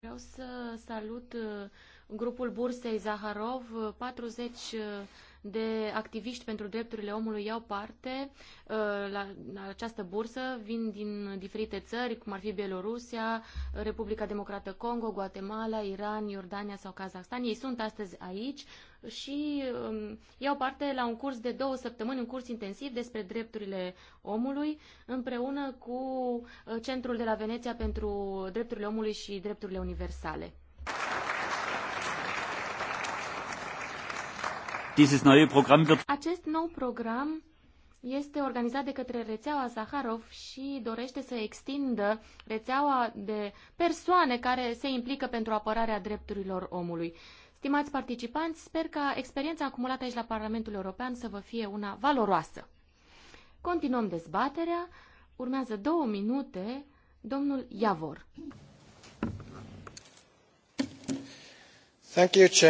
Vreau să salut uh, grupul Bursei Zaharov, 40 uh, de activiști pentru drepturile omului iau parte uh, la, la această bursă, vin din diferite țări, cum ar fi Bielorusia, Republica Democrată Congo, Guatemala, Iran, Iordania sau Kazakhstan. Ei sunt astăzi aici și um, iau parte la un curs de două săptămâni, un curs intensiv despre drepturile omului, împreună cu uh, Centrul de la Veneția pentru Drepturile Omului și Drepturile Universale. Dieses neue Programm wird Acest nou program este organizat de către rețeaua Zaharov și dorește să extindă rețeaua de persoane care se implică pentru apărarea drepturilor omului. Stimați participanți, sper ca experiența acumulată aici la Parlamentul European să vă fie una valoroasă. Continuăm dezbaterea. Urmează două minute. Domnul Iavor. Thank you,